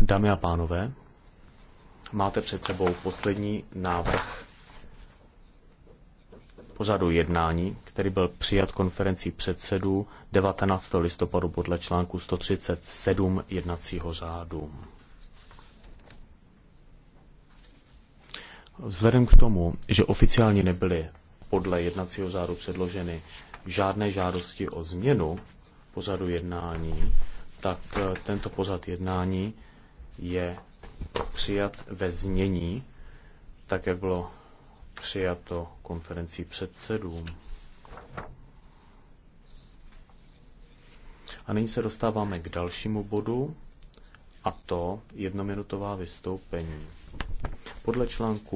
Dámy a pánové, máte před sebou poslední návrh pořadu jednání, který byl přijat konferencí předsedů 19. listopadu podle článku 137 jednacího řádu. Vzhledem k tomu, že oficiálně nebyly podle jednacího řádu předloženy žádné žádosti o změnu pořadu jednání, tak eh, tento pořad jednání je přijat ve znění, tak jak bylo přijato konferencí předsedům. A nyní se dostáváme k dalšímu bodu, a to jednominutová vystoupení. Podle článku